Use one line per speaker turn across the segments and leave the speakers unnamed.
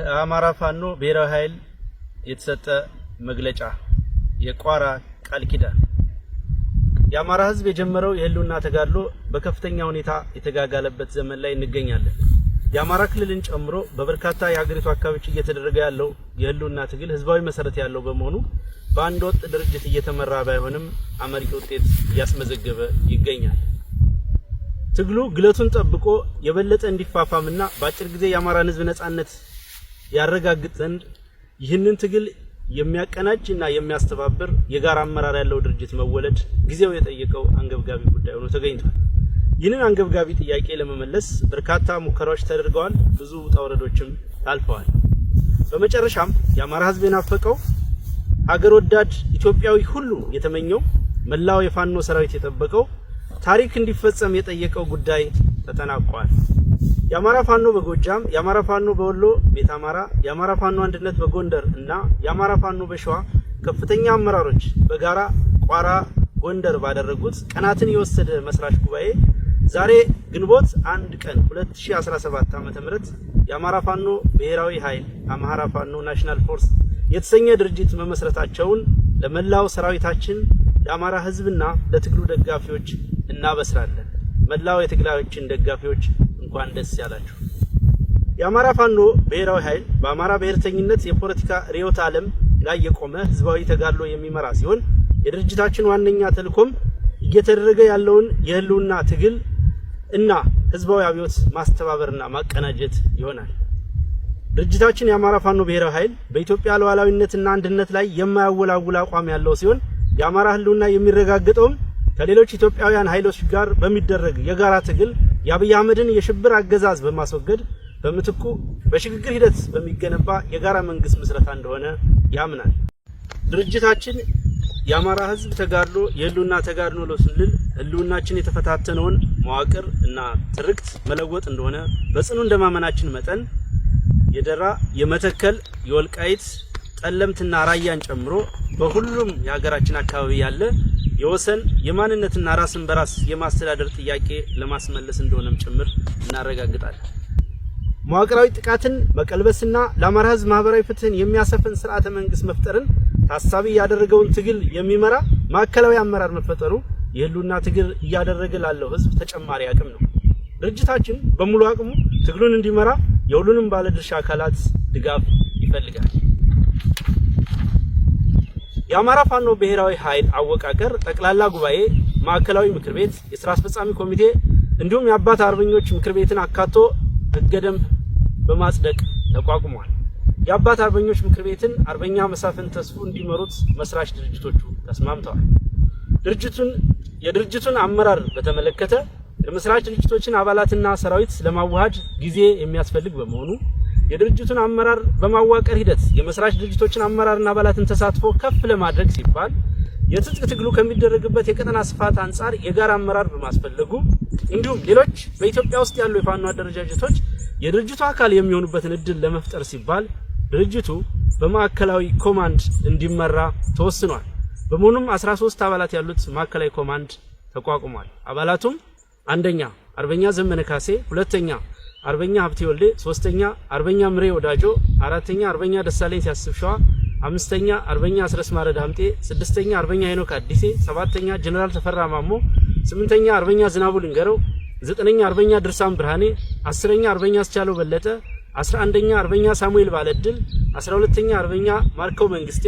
ከአማራ ፋኖ ብሔራዊ ኃይል የተሰጠ መግለጫ የቋራ ቃል ኪዳን። የአማራ ሕዝብ የጀመረው የህልውና ተጋድሎ በከፍተኛ ሁኔታ የተጋጋለበት ዘመን ላይ እንገኛለን። የአማራ ክልልን ጨምሮ በበርካታ የሀገሪቱ አካባቢዎች እየተደረገ ያለው የህልውና ትግል ህዝባዊ መሰረት ያለው በመሆኑ በአንድ ወጥ ድርጅት እየተመራ ባይሆንም አመርቂ ውጤት እያስመዘገበ ይገኛል። ትግሉ ግለቱን ጠብቆ የበለጠ እንዲፋፋምና በአጭር ጊዜ የአማራን ህዝብ ነጻነት ያረጋግጥ ዘንድ ይህንን ትግል የሚያቀናጅ እና የሚያስተባብር የጋራ አመራር ያለው ድርጅት መወለድ ጊዜው የጠየቀው አንገብጋቢ ጉዳይ ሆኖ ተገኝቷል። ይህንን አንገብጋቢ ጥያቄ ለመመለስ በርካታ ሙከራዎች ተደርገዋል። ብዙ ውጣ ውረዶችም ታልፈዋል። በመጨረሻም የአማራ ሕዝብ የናፈቀው ሀገር ወዳድ ኢትዮጵያዊ ሁሉ የተመኘው መላው የፋኖ ሰራዊት የጠበቀው ታሪክ እንዲፈጸም የጠየቀው ጉዳይ ተጠናቋል። የአማራ ፋኖ በጎጃም፣ የአማራ ፋኖ በወሎ ቤት አማራ፣ የአማራ ፋኖ አንድነት በጎንደር እና የአማራ ፋኖ በሸዋ ከፍተኛ አመራሮች በጋራ ቋራ ጎንደር ባደረጉት ቀናትን የወሰደ መስራች ጉባኤ ዛሬ ግንቦት አንድ ቀን 2017 ዓ.ም የአማራ ፋኖ ብሔራዊ ኃይል አማራ ፋኖ ናሽናል ፎርስ የተሰኘ ድርጅት መመስረታቸውን ለመላው ሰራዊታችን ለአማራ ህዝብና ለትግሉ ደጋፊዎች እናበስራለን። መላው የትግላዮችን ደጋፊዎች እንኳን ደስ ያላችሁ። የአማራ ፋኖ ብሔራዊ ኃይል በአማራ ብሔርተኝነት የፖለቲካ ርዕዮተ ዓለም ላይ የቆመ ህዝባዊ ተጋድሎ የሚመራ ሲሆን የድርጅታችን ዋነኛ ተልኮም እየተደረገ ያለውን የህልውና ትግል እና ህዝባዊ አብዮት ማስተባበርና ማቀናጀት ይሆናል። ድርጅታችን የአማራ ፋኖ ብሔራዊ ኃይል በኢትዮጵያ ሉዓላዊነትና አንድነት ላይ የማያወላውል አቋም ያለው ሲሆን የአማራ ህልውና የሚረጋገጠውም ከሌሎች ኢትዮጵያውያን ኃይሎች ጋር በሚደረግ የጋራ ትግል የአብይ አህመድን የሽብር አገዛዝ በማስወገድ በምትኩ በሽግግር ሂደት በሚገነባ የጋራ መንግስት ምስረታ እንደሆነ ያምናል። ድርጅታችን የአማራ ህዝብ ተጋድሎ የህልውና ተጋድኖ ነው ስንል ህልውናችን የተፈታተነውን መዋቅር እና ትርክት መለወጥ እንደሆነ በጽኑ እንደማመናችን መጠን የደራ፣ የመተከል፣ የወልቃይት፣ ጠለምትና ራያን ጨምሮ በሁሉም የሀገራችን አካባቢ ያለ የወሰን የማንነትና ራስን በራስ የማስተዳደር ጥያቄ ለማስመለስ እንደሆነም ጭምር እናረጋግጣለን። መዋቅራዊ ጥቃትን መቀልበስና ለአማራ ማህበራዊ ፍትህን የሚያሰፍን ስርዓተ መንግስት መፍጠርን ታሳቢ ያደረገውን ትግል የሚመራ ማዕከላዊ አመራር መፈጠሩ የህልውና ትግል እያደረገ ላለው ህዝብ ተጨማሪ አቅም ነው። ድርጅታችን በሙሉ አቅሙ ትግሉን እንዲመራ የሁሉንም ባለድርሻ አካላት ድጋፍ ይፈልጋል። የአማራ ፋኖ ብሔራዊ ኃይል አወቃቀር ጠቅላላ ጉባኤ፣ ማዕከላዊ ምክር ቤት፣ የስራ አስፈጻሚ ኮሚቴ እንዲሁም የአባት አርበኞች ምክር ቤትን አካቶ ህገ ደንብ በማጽደቅ ተቋቁሟል። የአባት አርበኞች ምክር ቤትን አርበኛ መሳፍን ተስፉ እንዲመሩት መስራች ድርጅቶቹ ተስማምተዋል። ድርጅቱን የድርጅቱን አመራር በተመለከተ የመስራች ድርጅቶችን አባላትና ሰራዊት ለማዋሃድ ጊዜ የሚያስፈልግ በመሆኑ የድርጅቱን አመራር በማዋቀር ሂደት የመስራች ድርጅቶችን አመራርና አባላትን ተሳትፎ ከፍ ለማድረግ ሲባል የትጥቅ ትግሉ ከሚደረግበት የቀጠና ስፋት አንጻር የጋራ አመራር በማስፈለጉ እንዲሁም ሌሎች በኢትዮጵያ ውስጥ ያሉ የፋኖ አደረጃጀቶች የድርጅቱ አካል የሚሆኑበትን እድል ለመፍጠር ሲባል ድርጅቱ በማዕከላዊ ኮማንድ እንዲመራ ተወስኗል። በመሆኑም 13 አባላት ያሉት ማዕከላዊ ኮማንድ ተቋቁሟል። አባላቱም አንደኛ አርበኛ ዘመነ ካሴ፣ ሁለተኛ አርበኛ ሀብቴ ወልዴ፣ ሶስተኛ አርበኛ ምሬ ወዳጆ፣ አራተኛ አርበኛ ደሳለኝ ሲያስብ ሸዋ፣ አምስተኛ አርበኛ አስረስ ማረድ ሀምጤ፣ ስድስተኛ አርበኛ ሄኖክ አዲሴ፣ ሰባተኛ ጀኔራል ተፈራ ማሞ፣ ስምንተኛ አርበኛ ዝናቡ ልንገረው፣ ዘጠነኛ አርበኛ ድርሳም ብርሃኔ፣ አስረኛ አርበኛ አስቻለው በለጠ፣ አስራ አንደኛ አርበኛ ሳሙኤል ባለድል፣ አስራ ሁለተኛ አርበኛ ማርከው መንግስቴ፣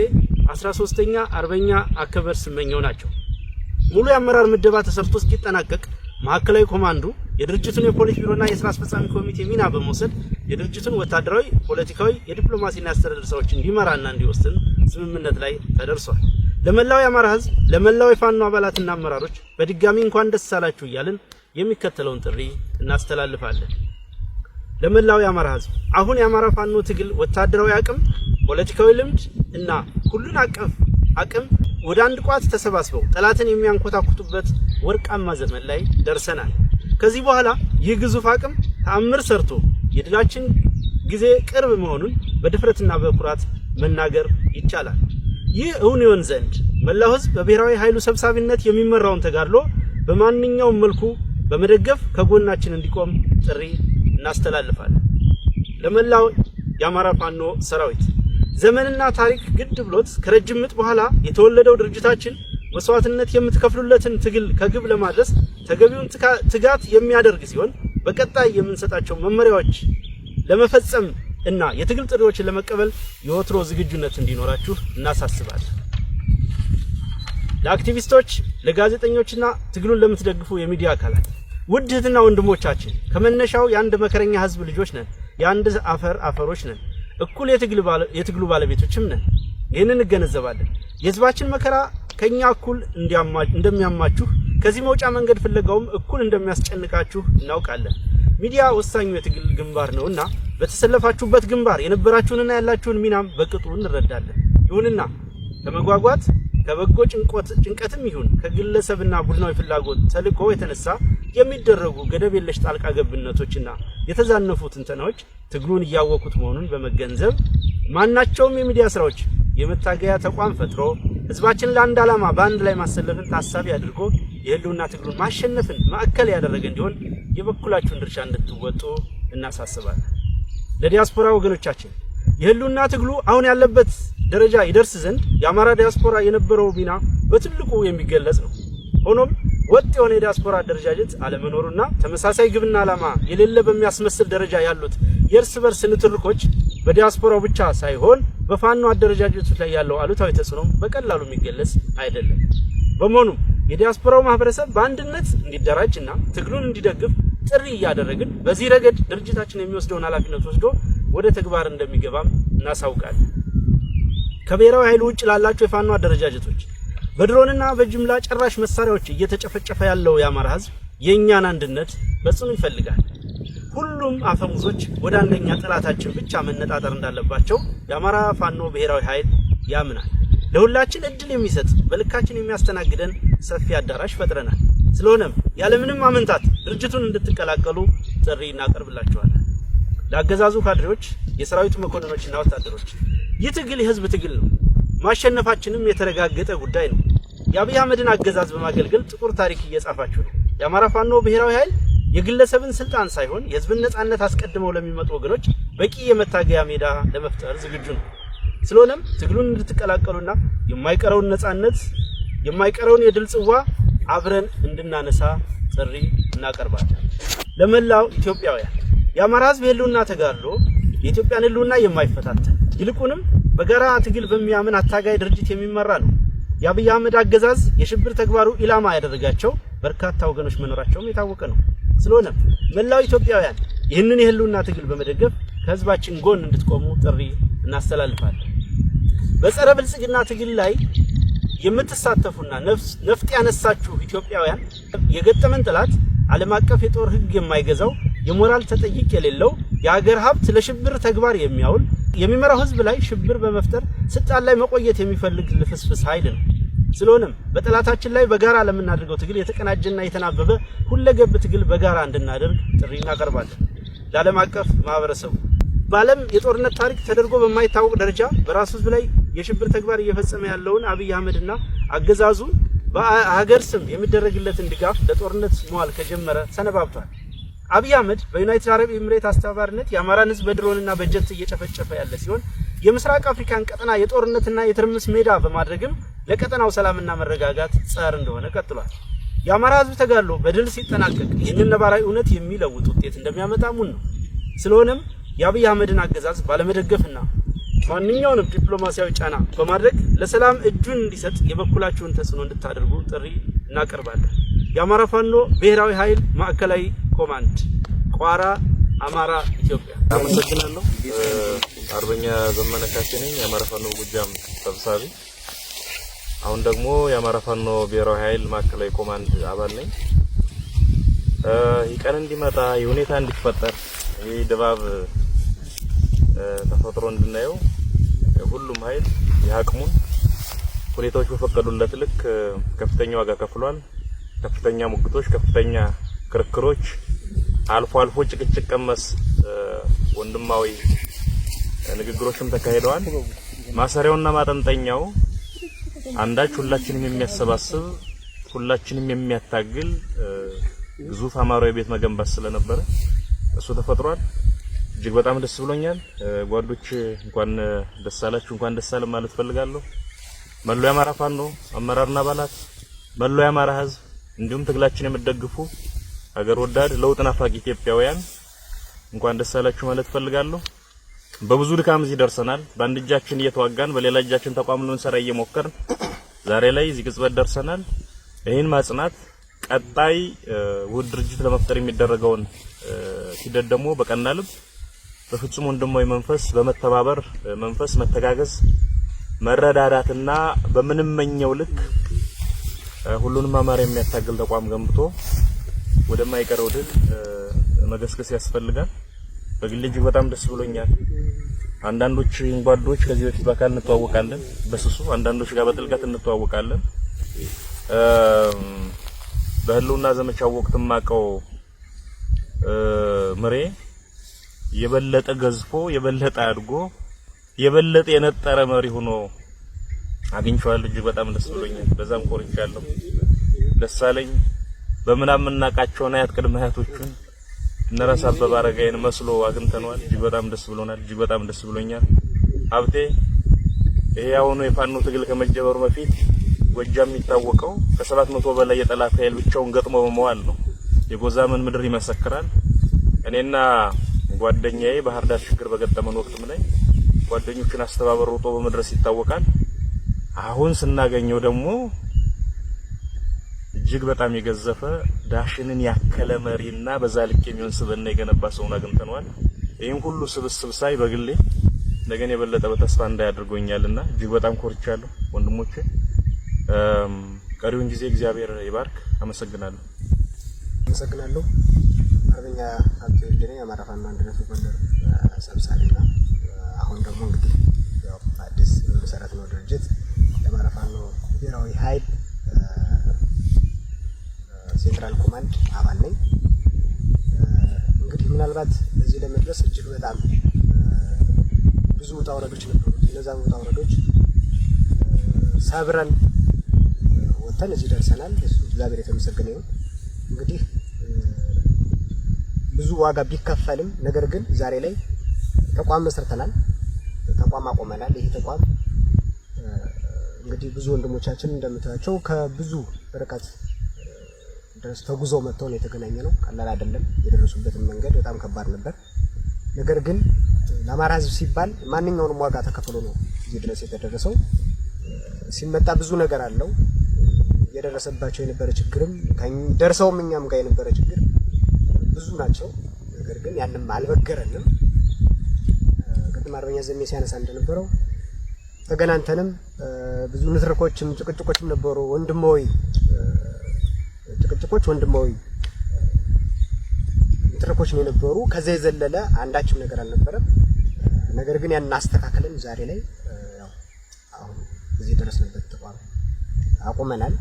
አስራ ሶስተኛ አርበኛ አከበር ስመኘው ናቸው። ሙሉ የአመራር ምደባ ተሰርቶ እስኪጠናቀቅ ማዕከላዊ ኮማንዱ የድርጅቱን የፖሊስ ቢሮና የስራ አስፈጻሚ ኮሚቴ ሚና በመውሰድ የድርጅቱን ወታደራዊ፣ ፖለቲካዊ፣ የዲፕሎማሲና የአስተዳደር ስራዎች እንዲመራና እንዲወስን ስምምነት ላይ ተደርሷል። ለመላው የአማራ ህዝብ፣ ለመላው የፋኖ አባላትና አመራሮች በድጋሚ እንኳን ደስ አላችሁ እያልን የሚከተለውን ጥሪ እናስተላልፋለን። ለመላው የአማራ ህዝብ አሁን የአማራ ፋኖ ትግል ወታደራዊ አቅም፣ ፖለቲካዊ ልምድ እና ሁሉን አቀፍ አቅም ወደ አንድ ቋት ተሰባስበው ጠላትን የሚያንኮታኩቱበት ወርቃማ ዘመን ላይ ደርሰናል። ከዚህ በኋላ ይህ ግዙፍ አቅም ተአምር ሰርቶ የድላችን ጊዜ ቅርብ መሆኑን በድፍረትና በኩራት መናገር ይቻላል። ይህ እውን ይሆን ዘንድ መላው ሕዝብ በብሔራዊ ኃይሉ ሰብሳቢነት የሚመራውን ተጋድሎ በማንኛውም መልኩ በመደገፍ ከጎናችን እንዲቆም ጥሪ እናስተላልፋለን። ለመላው የአማራ ፋኖ ሰራዊት ዘመንና ታሪክ ግድ ብሎት ከረጅም ምጥ በኋላ የተወለደው ድርጅታችን መስዋዕትነት የምትከፍሉለትን ትግል ከግብ ለማድረስ ተገቢውን ትጋት የሚያደርግ ሲሆን በቀጣይ የምንሰጣቸው መመሪያዎች ለመፈጸም እና የትግል ጥሪዎችን ለመቀበል የወትሮ ዝግጁነት እንዲኖራችሁ እናሳስባለን። ለአክቲቪስቶች፣ ለጋዜጠኞችና ትግሉን ለምትደግፉ የሚዲያ አካላት ውድ እህትና ወንድሞቻችን ከመነሻው የአንድ መከረኛ ህዝብ ልጆች ነን። የአንድ አፈር አፈሮች ነን። እኩል የትግሉ ባለቤቶችም ነን። ይህንን እንገነዘባለን። የህዝባችን መከራ ከእኛ እኩል እንደሚያማችሁ ከዚህ መውጫ መንገድ ፍለጋውም እኩል እንደሚያስጨንቃችሁ እናውቃለን። ሚዲያ ወሳኙ የትግል ግንባር ነውና በተሰለፋችሁበት ግንባር የነበራችሁንና ያላችሁን ሚናም በቅጡ እንረዳለን። ይሁንና ከመጓጓት ከበጎ ጭንቀትም ይሁን ከግለሰብና ቡድናዊ ፍላጎት ተልኮ የተነሳ የሚደረጉ ገደብ የለሽ ጣልቃ ገብነቶችና የተዛነፉ ትንተናዎች ትግሉን እያወቁት መሆኑን በመገንዘብ ማናቸውም የሚዲያ ስራዎች የመታገያ ተቋም ፈጥሮ ህዝባችን ለአንድ ዓላማ በአንድ ላይ ማሰለፍን ታሳቢ አድርጎ የህልውና ትግሉን ማሸነፍን ማዕከል ያደረገ እንዲሆን የበኩላችሁን ድርሻ እንድትወጡ እናሳስባለን። ለዲያስፖራ ወገኖቻችን የህልውና ትግሉ አሁን ያለበት ደረጃ ይደርስ ዘንድ የአማራ ዲያስፖራ የነበረው ሚና በትልቁ የሚገለጽ ነው። ሆኖም ወጥ የሆነ የዲያስፖራ አደረጃጀት አለመኖሩና ተመሳሳይ ግብና ዓላማ የሌለ በሚያስመስል ደረጃ ያሉት የእርስ በርስ ንትርኮች በዲያስፖራው ብቻ ሳይሆን በፋኖ አደረጃጀቶች ላይ ያለው አሉታዊ ተጽዕኖ በቀላሉ የሚገለጽ አይደለም። በመሆኑም የዲያስፖራው ማህበረሰብ በአንድነት እንዲደራጅና ትግሉን እንዲደግፍ ጥሪ እያደረግን በዚህ ረገድ ድርጅታችን የሚወስደውን ኃላፊነት ወስዶ ወደ ተግባር እንደሚገባም እናሳውቃለን። ከብሔራዊ ኃይል ውጭ ላላቸው የፋኖ አደረጃጀቶች በድሮንና በጅምላ ጨራሽ መሳሪያዎች እየተጨፈጨፈ ያለው የአማራ ህዝብ የእኛን አንድነት በጽኑ ይፈልጋል። ሁሉም አፈሙዞች ወደ አንደኛ ጠላታችን ብቻ መነጣጠር እንዳለባቸው የአማራ ፋኖ ብሔራዊ ኃይል ያምናል። ለሁላችን እድል የሚሰጥ በልካችን የሚያስተናግደን ሰፊ አዳራሽ ፈጥረናል። ስለሆነም ያለምንም አመንታት ድርጅቱን እንድትቀላቀሉ ጥሪ እናቀርብላችኋለን። ለአገዛዙ ካድሬዎች፣ የሰራዊቱ መኮንኖችና ወታደሮች ይህ ትግል የህዝብ ትግል ነው። ማሸነፋችንም የተረጋገጠ ጉዳይ ነው። የአብይ አህመድን አገዛዝ በማገልገል ጥቁር ታሪክ እየጻፋችሁ ነው። የአማራ ፋኖ ብሔራዊ ኃይል የግለሰብን ስልጣን ሳይሆን የህዝብን ነጻነት አስቀድመው ለሚመጡ ወገኖች በቂ የመታገያ ሜዳ ለመፍጠር ዝግጁ ነው። ስለሆነም ትግሉን እንድትቀላቀሉና የማይቀረውን ነጻነት የማይቀረውን የድል ጽዋ አብረን እንድናነሳ ጥሪ እናቀርባለን። ለመላው ኢትዮጵያውያን የአማራ ህዝብ የህልውና ተጋድሎ የኢትዮጵያን ህልውና የማይፈታተን ይልቁንም በጋራ ትግል በሚያምን አታጋይ ድርጅት የሚመራ ነው። የአብይ አህመድ አገዛዝ የሽብር ተግባሩ ኢላማ ያደረጋቸው በርካታ ወገኖች መኖራቸውም የታወቀ ነው። ስለሆነ መላው ኢትዮጵያውያን ይህንን የህልውና ትግል በመደገፍ ከህዝባችን ጎን እንድትቆሙ ጥሪ እናስተላልፋለን። በጸረ ብልጽግና ትግል ላይ የምትሳተፉና ነፍጥ ያነሳችሁ ኢትዮጵያውያን የገጠመን ጠላት ዓለም አቀፍ የጦር ህግ የማይገዛው የሞራል ተጠይቅ የሌለው የአገር ሀብት ለሽብር ተግባር የሚያውል የሚመራው ህዝብ ላይ ሽብር በመፍጠር ስልጣን ላይ መቆየት የሚፈልግ ልፍስፍስ ኃይል ነው። ስለሆነም በጠላታችን ላይ በጋራ ለምናደርገው ትግል የተቀናጀና የተናበበ ሁለገብ ትግል በጋራ እንድናደርግ ጥሪ እናቀርባለን። ለዓለም አቀፍ ማህበረሰቡ በዓለም የጦርነት ታሪክ ተደርጎ በማይታወቅ ደረጃ በራሱ ህዝብ ላይ የሽብር ተግባር እየፈጸመ ያለውን አብይ አህመድና አገዛዙ በሀገር ስም የሚደረግለትን ድጋፍ ለጦርነት መዋል ከጀመረ ሰነባብቷል። አብይ አህመድ በዩናይትድ አረብ ኤምሬት አስተባባሪነት የአማራን ህዝብ በድሮንና በጀት እየጨፈጨፈ ያለ ሲሆን የምስራቅ አፍሪካን ቀጠና የጦርነትና የትርምስ ሜዳ በማድረግም ለቀጠናው ሰላምና መረጋጋት ጸር እንደሆነ ቀጥሏል። የአማራ ህዝብ ተጋድሎ በድል ሲጠናቀቅ ይህንን ነባራዊ እውነት የሚለውጥ ውጤት እንደሚያመጣ ሙን ነው። ስለሆነም የአብይ አህመድን አገዛዝ ባለመደገፍና ማንኛውንም ዲፕሎማሲያዊ ጫና በማድረግ ለሰላም እጁን እንዲሰጥ የበኩላችሁን ተጽዕኖ እንድታደርጉ ጥሪ እናቀርባለን። የአማራ ፋኖ ብሔራዊ ኃይል ማዕከላዊ ኮማንድ ቋራ፣ አማራ፣ ኢትዮጵያ።
አመሰግናለሁ። አርበኛ ዘመነ ካሴ ነኝ፣ የአማራ ፋኖ ጎጃም ሰብሳቢ። አሁን ደግሞ የአማራ ፋኖ ብሔራዊ ኃይል ማዕከላዊ ኮማንድ አባል ነኝ። ይህ እንዲመጣ የሁኔታ እንዲፈጠር ይህ ድባብ ተፈጥሮ እንድናየው ሁሉም ኃይል የአቅሙን ሁኔታዎች በፈቀዱለት ልክ ከፍተኛ ዋጋ ከፍሏል። ከፍተኛ ሙግቶች፣ ከፍተኛ ክርክሮች፣ አልፎ አልፎ ጭቅጭቅ ቀመስ ወንድማዊ ንግግሮችም ተካሂደዋል። ማሰሪያውና ማጠንጠኛው አንዳች ሁላችንም የሚያሰባስብ ሁላችንም የሚያታግል ግዙፍ አማራዊ ቤት መገንባት ስለነበረ እሱ ተፈጥሯል። እጅግ በጣም ደስ ብሎኛል። ጓዶች እንኳን ደስ አላችሁ፣ እንኳን ደስ አለ ማለት ፈልጋለሁ። መላው የአማራ ፋኖ አመራርና አባላት፣ መላው የአማራ ሕዝብ እንዲሁም ትግላችን የምትደግፉ ሀገር ወዳድ ለውጥ ናፋቂ ኢትዮጵያውያን እንኳን ደስ አላችሁ ማለት ፈልጋለሁ። በብዙ ድካም እዚህ ደርሰናል። በአንድ እጃችን እየተዋጋን በሌላ እጃችን ተቋም ልንሰራ እየሞከርን ዛሬ ላይ እዚህ ቅጽበት ደርሰናል። ይህን ማጽናት ቀጣይ ውህድ ድርጅት ለመፍጠር የሚደረገውን ሂደት ደግሞ በቀና ልብ በፍጹም ወንድማዊ መንፈስ በመተባበር መንፈስ መተጋገዝ፣ መረዳዳትና በምንመኘው ልክ ሁሉንም አማራ የሚያታግል ተቋም ገንብቶ ወደማይቀረው ድል መገስገስ ያስፈልጋል። በግል እጅግ በጣም ደስ ብሎኛል። አንዳንዶች እንጓዶች ከዚህ በፊት በአካል እንተዋወቃለን፣ በስሱ አንዳንዶች ጋር በጥልቀት እንተዋወቃለን። በህልውና ዘመቻው ወቅት ማቀው ምሬ የበለጠ ገዝፎ የበለጠ አድጎ የበለጠ የነጠረ መሪ ሆኖ አግኝቼዋለሁ። እጅግ በጣም ደስ ብሎኛል። በዛም ቆርቻለሁ። ደሳለኝ በምናምን እናቃቸውን አያት ቅድመ አያቶቹን እነራስ አበበ አረጋይን መስሎ አግኝተነዋል። እጅግ በጣም ደስ ብሎናል። እጅግ በጣም ደስ ብሎኛል። ሀብቴ ይሄ አሁኑ የፋኖ ትግል ከመጀመሩ በፊት ጎጃም የሚታወቀው ከሰባት መቶ በላይ የጠላት ኃይል ብቻውን ገጥሞ በመዋል ነው። የጎዛመን ምድር ይመሰክራል። እኔና ጓደኛዬ ባህር ዳር ችግር በገጠመን ወቅትም ላይ ጓደኞቹን አስተባበር ሮጦ በመድረስ ይታወቃል። አሁን ስናገኘው ደግሞ እጅግ በጣም የገዘፈ ዳሽንን ያከለ መሪና በዛ ልክ የሚሆን ስብዕና የገነባ ሰውን አግኝተነዋል። ይህም ሁሉ ስብስብ ሳይ በግሌ ነገን የበለጠ በተስፋ እንዳያደርጎኛልና እጅግ በጣም ኮርቻለሁ ወንድሞቼ። ቀሪውን ጊዜ እግዚአብሔር ይባርክ። አመሰግናለሁ። አመሰግናለሁ። አርበኛ ሀብቴ ወልዴ የአማራ ፋኖ አንድነት ጎንደር ሰብሳቢና አሁን ደግሞ እንግዲህ ያው አዲስ መሰረት ነው ድርጅት የአማራ ፋኖ ብሔራዊ ኃይል ሴንትራል ኮማንድ አባል ነኝ። እንግዲህ ምናልባት እዚህ ለመድረስ እጅግ በጣም ብዙ ውጣ ውረዶች ነበሩት። እነዛ ውጣ ውረዶች ሰብረን ወጥተን እዚህ ደርሰናል። እግዚአብሔር የተመሰገነ ይሁን። እንግዲህ ብዙ ዋጋ ቢከፈልም ነገር ግን ዛሬ ላይ ተቋም መስርተናል፣ ተቋም አቆመናል። ይሄ ተቋም እንግዲህ ብዙ ወንድሞቻችን እንደምታያቸው ከብዙ ርቀት ድረስ ተጉዘው ነው የተገናኘ ነው። ቀላል አይደለም። የደረሱበትን መንገድ በጣም ከባድ ነበር። ነገር ግን ለአማራ ሕዝብ ሲባል ማንኛውንም ዋጋ ተከፍሎ ነው እዚህ ድረስ የተደረሰው። ሲመጣ ብዙ ነገር አለው። የደረሰባቸው የነበረ ችግርም ደርሰውም እኛም ጋር የነበረ ችግር ብዙ ናቸው። ነገር ግን ያንም አልበገረንም። ቅድም አርበኛ ዘሜ ሲያነሳ እንደነበረው ተገናኝተንም ብዙ ንትርኮችም ጭቅጭቆችም ነበሩ። ወይ ጭቅጭቆች ወንድማዊ ጥርኮች ነው የነበሩ። ከዛ የዘለለ አንዳችም ነገር አልነበረም። ነገር ግን ያን አስተካክለን ዛሬ ላይ ያው አሁን እዚህ ደረስንበት ተቋም አቁመናል።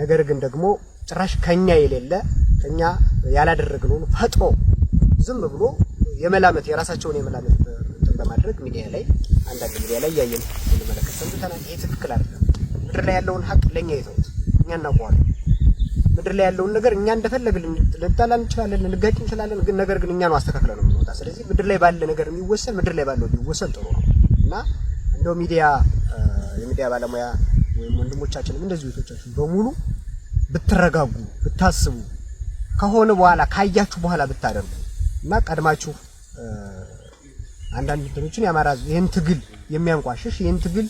ነገር ግን ደግሞ ጭራሽ ከኛ የሌለ ከኛ ያላደረግነውን ፈጥሮ ዝም ብሎ የመላመት የራሳቸውን የመላመት እንትን በማድረግ ሚዲያ ላይ አንዳንድ ሚዲያ ላይ እያየን እንመለከት ሰንብተናል። ይሄ ትክክል አይደለም። ምድር ላይ ያለውን ሀቅ ለእኛ የተውት እኛ እናውቀዋለን። ምድር ላይ ያለውን ነገር እኛ እንደፈለግልን ልንጣላ እንችላለን፣ ልንጋጭ እንችላለን። ግን ነገር ግን እኛ ነው አስተካክለ ነው የምንወጣ። ስለዚህ ምድር ላይ ባለ ነገር የሚወሰን ምድር ላይ ባለው የሚወሰን ጥሩ ነው እና እንደው ሚዲያ የሚዲያ ባለሙያ ወይም ወንድሞቻችንም እንደዚህ ቤቶቻችን በሙሉ ብትረጋጉ፣ ብታስቡ ከሆነ በኋላ ካያችሁ በኋላ ብታደርጉ እና ቀድማችሁ አንዳንድ እንትኖችን ያማራዙ ይህን ትግል የሚያንቋሽሽ ይህን ትግል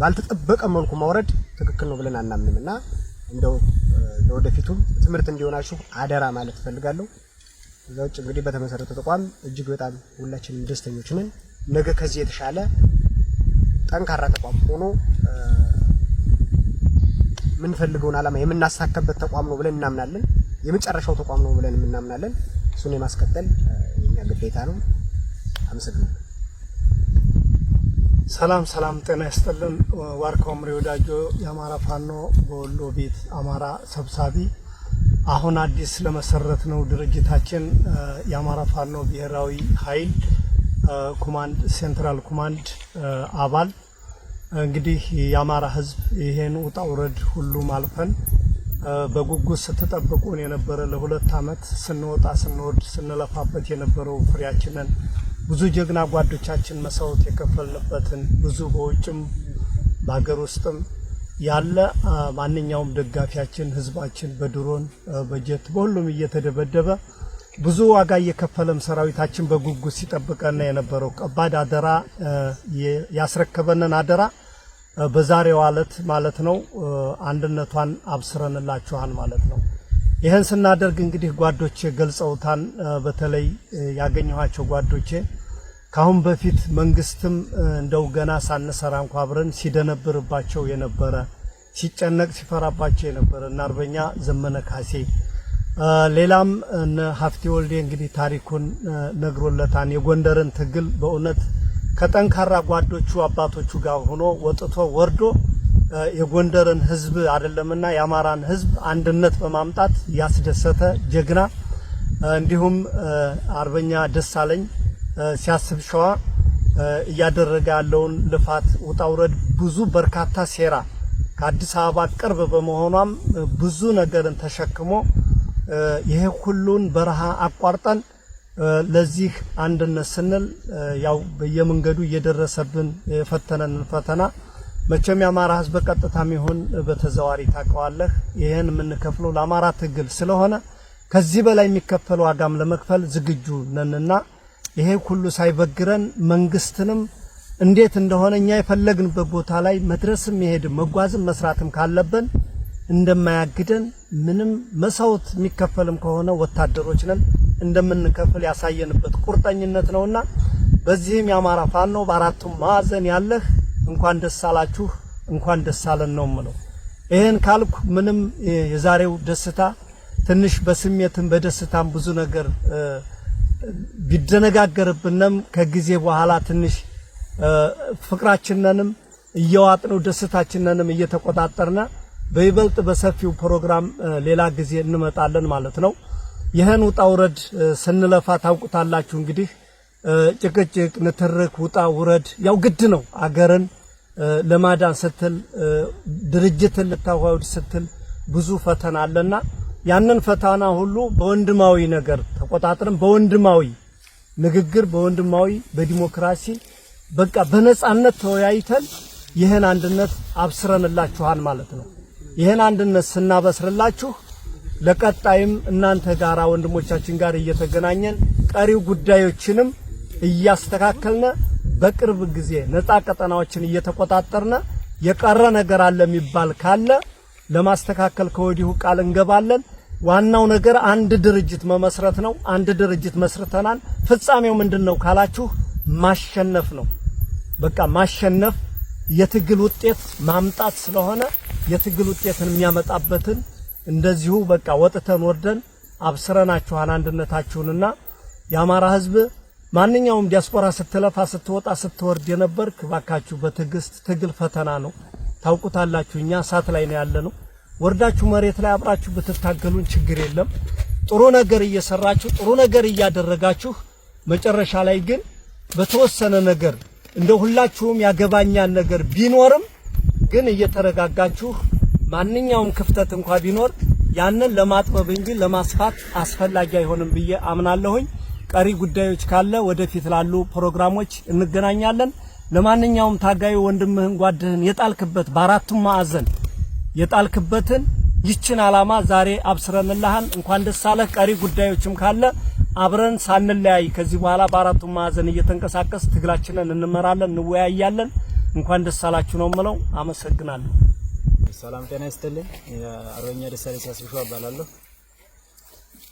ባልተጠበቀ መልኩ ማውረድ ትክክል ነው ብለን አናምንም እና እንደው ለወደፊቱም ትምህርት እንዲሆናችሁ አደራ ማለት እፈልጋለሁ። እዛ ውጭ እንግዲህ በተመሰረተ ተቋም እጅግ በጣም ሁላችንም ደስተኞች ነን። ነገ ከዚህ የተሻለ ጠንካራ ተቋም ሆኖ የምንፈልገውን ዓላማ የምናሳከበት ተቋም ነው ብለን እናምናለን። የመጨረሻው ተቋም ነው ብለን እናምናለን። እሱን የማስቀጠል የኛ ግዴታ ነው። አመሰግናለሁ።
ሰላም ሰላም፣ ጤና ያስጥልን ዋርካው ምሪ ወዳጆ የአማራ ፋኖ በወሎ ቤት አማራ ሰብሳቢ፣ አሁን አዲስ ለመሰረት ነው ድርጅታችን የአማራ ፋኖ ብሔራዊ ኃይል ኮማንድ ሴንትራል ኮማንድ አባል እንግዲህ የአማራ ሕዝብ ይሄን ውጣ ውረድ ሁሉም አልፈን በጉጉት ስትጠብቁን የነበረ ለሁለት አመት ስንወጣ ስንወድ ስንለፋበት የነበረው ፍሬያችንን ብዙ ጀግና ጓዶቻችን መስዋዕት የከፈልንበትን ብዙ በውጭም በሀገር ውስጥም ያለ ማንኛውም ደጋፊያችን ህዝባችን በድሮን በጀት በሁሉም እየተደበደበ ብዙ ዋጋ እየከፈለም ሰራዊታችን በጉጉት ሲጠብቀን የነበረው ከባድ አደራ ያስረከበንን አደራ በዛሬዋ ዕለት ማለት ነው አንድነቷን አብስረንላችኋል ማለት ነው። ይህን ስናደርግ እንግዲህ ጓዶቼ ገልጸውታን። በተለይ ያገኘኋቸው ጓዶቼ ከአሁን በፊት መንግስትም እንደው ገና ሳንሰራ እንኳ አብረን ሲደነብርባቸው የነበረ ሲጨነቅ ሲፈራባቸው የነበረ እና አርበኛ ዘመነ ካሴ ሌላም ሀፍቴ ወልዴ እንግዲህ ታሪኩን ነግሮለታን የጎንደርን ትግል በእውነት ከጠንካራ ጓዶቹ አባቶቹ ጋር ሆኖ ወጥቶ ወርዶ የጎንደርን ህዝብ አይደለምና የአማራን ህዝብ አንድነት በማምጣት ያስደሰተ ጀግና እንዲሁም አርበኛ ደሳለኝ ሲያስብ ሸዋ እያደረገ ያለውን ልፋት ውጣውረድ ብዙ በርካታ ሴራ ከአዲስ አበባ ቅርብ በመሆኗም ብዙ ነገርን ተሸክሞ ይሄ ሁሉን በረሃ አቋርጠን ለዚህ አንድነት ስንል ያው በየመንገዱ እየደረሰብን የፈተነንን ፈተና መቼም የአማራ ሕዝብ በቀጥታም ይሁን በተዘዋሪ ታውቀዋለህ። ይህን የምንከፍለው ለአማራ ትግል ስለሆነ ከዚህ በላይ የሚከፈል ዋጋም ለመክፈል ዝግጁ ነንና ይሄ ሁሉ ሳይበግረን መንግስትንም እንዴት እንደሆነ እኛ የፈለግንበት ቦታ ላይ መድረስም መሄድም መጓዝም መስራትም ካለብን እንደማያግደን ምንም መስዋዕት የሚከፈልም ከሆነ ወታደሮች ነን እንደምንከፍል ያሳየንበት ቁርጠኝነት ነውና በዚህም የአማራ ፋኖ በአራቱም ማዕዘን ያለህ እንኳን ደስ አላችሁ እንኳን ደስ አለን ነው ምለው። ይህን ካልኩ ምንም የዛሬው ደስታ ትንሽ በስሜትም በደስታም ብዙ ነገር ቢደነጋገርብንም ከጊዜ በኋላ ትንሽ ፍቅራችንንም እየዋጥነው ደስታችንንም እየተቆጣጠርነ በይበልጥ በሰፊው ፕሮግራም ሌላ ጊዜ እንመጣለን ማለት ነው። ይህን ውጣ ውረድ ስንለፋ ታውቁታላችሁ። እንግዲህ ጭቅጭቅ፣ ንትርክ፣ ውጣ ውረድ ያው ግድ ነው። አገርን ለማዳን ስትል ድርጅትን ልታዋውድ ስትል ብዙ ፈተና አለና ያንን ፈተና ሁሉ በወንድማዊ ነገር ተቆጣጥረን በወንድማዊ ንግግር በወንድማዊ በዲሞክራሲ በቃ በነጻነት ተወያይተን ይህን አንድነት አብስረንላችኋል ማለት ነው። ይህን አንድነት ስናበስርላችሁ ለቀጣይም እናንተ ጋር ወንድሞቻችን ጋር እየተገናኘን ቀሪው ጉዳዮችንም እያስተካከልነ በቅርብ ጊዜ ነፃ ቀጠናዎችን እየተቆጣጠርነ የቀረ ነገር አለ የሚባል ካለ ለማስተካከል ከወዲሁ ቃል እንገባለን። ዋናው ነገር አንድ ድርጅት መመስረት ነው። አንድ ድርጅት መስርተናል። ፍጻሜው ምንድን ነው ካላችሁ ማሸነፍ ነው። በቃ ማሸነፍ የትግል ውጤት ማምጣት ስለሆነ የትግል ውጤትን የሚያመጣበትን እንደዚሁ በቃ ወጥተን ወርደን አብስረናችኋል አንድነታችሁንና የአማራ ሕዝብ ማንኛውም ዲያስፖራ ስትለፋ ስትወጣ ስትወርድ የነበርክ ባካችሁ በትዕግስት ትግል ፈተና ነው። ታውቁታላችሁ። እኛ እሳት ላይ ነው ያለነው። ወርዳችሁ መሬት ላይ አብራችሁ ብትታገሉን ችግር የለም። ጥሩ ነገር እየሰራችሁ ጥሩ ነገር እያደረጋችሁ መጨረሻ ላይ ግን በተወሰነ ነገር እንደ ሁላችሁም ያገባኛል ነገር ቢኖርም ግን እየተረጋጋችሁ ማንኛውም ክፍተት እንኳ ቢኖር ያንን ለማጥበብ እንጂ ለማስፋት አስፈላጊ አይሆንም ብዬ አምናለሁኝ። ቀሪ ጉዳዮች ካለ ወደፊት ላሉ ፕሮግራሞች እንገናኛለን። ለማንኛውም ታጋዩ ወንድምህን ጓድህን የጣልክበት በአራቱም ማዕዘን የጣልክበትን ይችን አላማ ዛሬ አብስረንልሃን እንኳን ደስ አለህ። ቀሪ ጉዳዮችም ካለ አብረን ሳንለያይ ከዚህ በኋላ በአራቱ ማዕዘን እየተንቀሳቀስ ትግላችንን እንመራለን፣ እንወያያለን። እንኳን ደስ አላችሁ ነው ምለው። አመሰግናለሁ።
ሰላም ጤና ይስጥልኝ። አርበኛ ደሳለኝ ሳስብሸው እባላለሁ።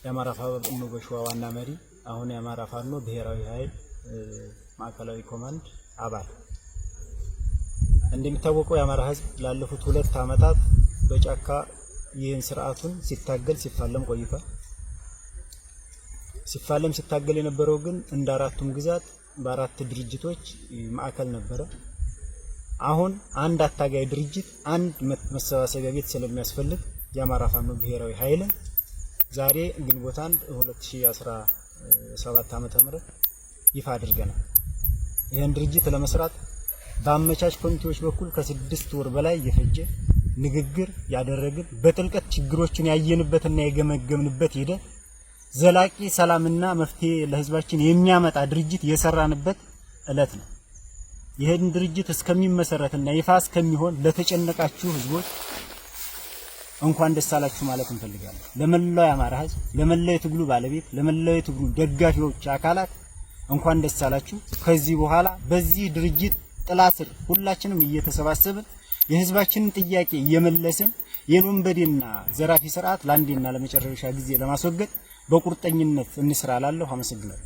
የአማራ ፋኖ በሸዋ ዋና መሪ፣ አሁን የአማራ ፋኖ ብሔራዊ ኃይል ማዕከላዊ ኮማንድ አባል። እንደሚታወቀው የአማራ ህዝብ ላለፉት ሁለት ዓመታት በጫካ ይህን ስርዓቱን ሲታገል ሲፋለም ቆይቷል። ሲፋለም ሲታገል የነበረው ግን እንደ አራቱም ግዛት በአራት ድርጅቶች ማዕከል ነበረ። አሁን አንድ አታጋይ ድርጅት አንድ መሰባሰቢያ ቤት ስለሚያስፈልግ የአማራ ፋኖ ብሔራዊ ኃይል ዛሬ ግንቦት 1 2017 ዓ.ም ይፋ አድርገናል። ይህን ድርጅት ለመስራት በአመቻች ኮሚቴዎች በኩል ከስድስት ወር በላይ እየፈጀ ። ንግግር ያደረግን በጥልቀት ችግሮችን ያየንበትና የገመገምንበት ሂደት ዘላቂ ሰላምና መፍትሄ ለህዝባችን የሚያመጣ ድርጅት የሰራንበት እለት ነው። ይህን ድርጅት እስከሚመሰረትና ይፋ እስከሚሆን ለተጨነቃችሁ ህዝቦች እንኳን ደስ አላችሁ ማለት እንፈልጋለን። ለመላው የአማራ ህዝብ፣ ለመላው የትግሉ ባለቤት፣ ለመላው የትግሉ ደጋፊዎች አካላት እንኳን ደስ አላችሁ። ከዚህ በኋላ በዚህ ድርጅት ጥላ ስር ሁላችንም እየተሰባሰብን የህዝባችንን ጥያቄ እየመለስን ይህን ዘራፊ ስርዓት ለአንዴና ለመጨረሻ ጊዜ ለማስወገድ በቁርጠኝነት እንስራ አመሰግናለሁ።